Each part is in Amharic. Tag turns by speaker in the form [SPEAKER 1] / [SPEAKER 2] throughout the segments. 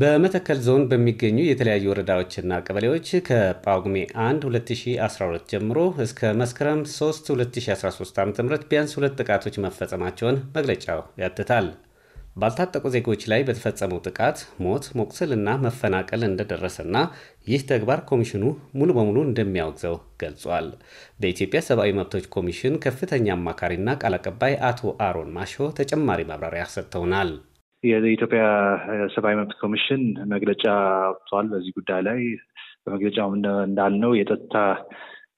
[SPEAKER 1] በመተከል ዞን በሚገኙ የተለያዩ ወረዳዎችና ቀበሌዎች ከጳጉሜ 1 2012 ጀምሮ እስከ መስከረም 3 2013 ዓ ም ቢያንስ ሁለት ጥቃቶች መፈጸማቸውን መግለጫው ያትታል። ባልታጠቁ ዜጎች ላይ በተፈጸመው ጥቃት ሞት፣ መቁሰልና መፈናቀል እንደደረሰና ይህ ተግባር ኮሚሽኑ ሙሉ በሙሉ እንደሚያወግዘው ገልጿል። በኢትዮጵያ ሰብአዊ መብቶች ኮሚሽን ከፍተኛ አማካሪና ቃል አቀባይ አቶ
[SPEAKER 2] አሮን ማሾ ተጨማሪ ማብራሪያ ሰጥተውናል። የኢትዮጵያ ሰብአዊ መብት ኮሚሽን መግለጫ አውጥቷል። በዚህ ጉዳይ ላይ በመግለጫው እንዳልነው የጸጥታ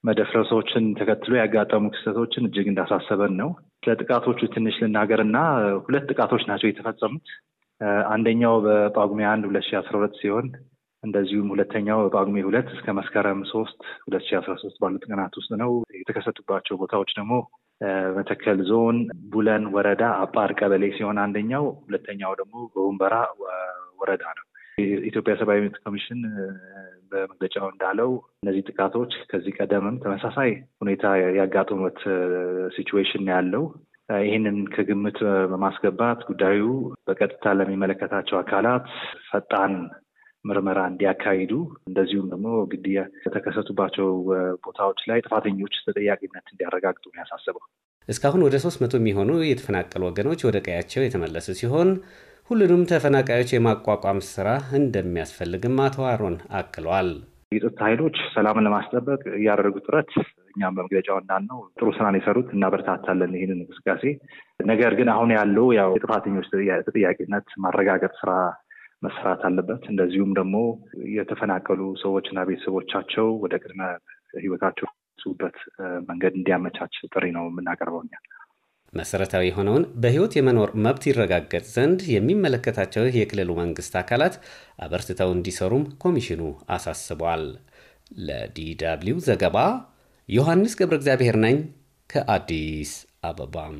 [SPEAKER 2] መደፍረሶችን ተከትሎ ያጋጠሙ ክስተቶችን እጅግ እንዳሳሰበን ነው። ስለ ትንሽ ልናገር እና ሁለት ጥቃቶች ናቸው የተፈጸሙት። አንደኛው በጳጉሜ አንድ ሁለት ሺ አስራ ሁለት ሲሆን እንደዚሁም ሁለተኛው በጳጉሜ ሁለት እስከ መስከረም ሶስት ሁለት ሺ አስራ ሶስት ባሉት ቀናት ውስጥ ነው። የተከሰቱባቸው ቦታዎች ደግሞ መተከል ዞን ቡለን ወረዳ አጳር ቀበሌ ሲሆን አንደኛው፣ ሁለተኛው ደግሞ በወንበራ ወረዳ ነው። የኢትዮጵያ ሰብአዊ መብት ኮሚሽን በመግለጫው እንዳለው እነዚህ ጥቃቶች ከዚህ ቀደምም ተመሳሳይ ሁኔታ ያጋጠሙበት ሲቹዌሽን ያለው ይህንን ከግምት በማስገባት ጉዳዩ በቀጥታ ለሚመለከታቸው አካላት ፈጣን ምርመራ እንዲያካሂዱ እንደዚሁም ደግሞ ግድያ የተከሰቱባቸው ቦታዎች ላይ ጥፋተኞች ተጠያቂነት እንዲያረጋግጡ ነው ያሳሰበው።
[SPEAKER 1] እስካሁን ወደ ሶስት መቶ የሚሆኑ የተፈናቀሉ ወገኖች ወደ ቀያቸው የተመለሱ ሲሆን ሁሉንም ተፈናቃዮች የማቋቋም
[SPEAKER 2] ስራ እንደሚያስፈልግም አቶ አሮን አክለዋል። የጸጥታ ኃይሎች ሰላምን ለማስጠበቅ እያደረጉ ጥረት እኛም በመግለጫው እንዳልነው ጥሩ ስራን የሰሩት እናበረታታለን ይህንን እንቅስቃሴ። ነገር ግን አሁን ያለው ያው የጥፋተኞች ተጠያቂነት ማረጋገጥ ስራ መስራት አለበት። እንደዚሁም ደግሞ የተፈናቀሉ ሰዎችና ቤተሰቦቻቸው ወደ ቅድመ ህይወታቸው ሱበት መንገድ እንዲያመቻች ጥሪ ነው የምናቀርበውኛል። መሰረታዊ
[SPEAKER 1] የሆነውን በህይወት የመኖር መብት ይረጋገጥ ዘንድ የሚመለከታቸው የክልሉ መንግስት አካላት አበርትተው እንዲሰሩም ኮሚሽኑ አሳስቧል። ለዲደብሊው ዘገባ ዮሐንስ ገብረ እግዚአብሔር ነኝ ከአዲስ አበባም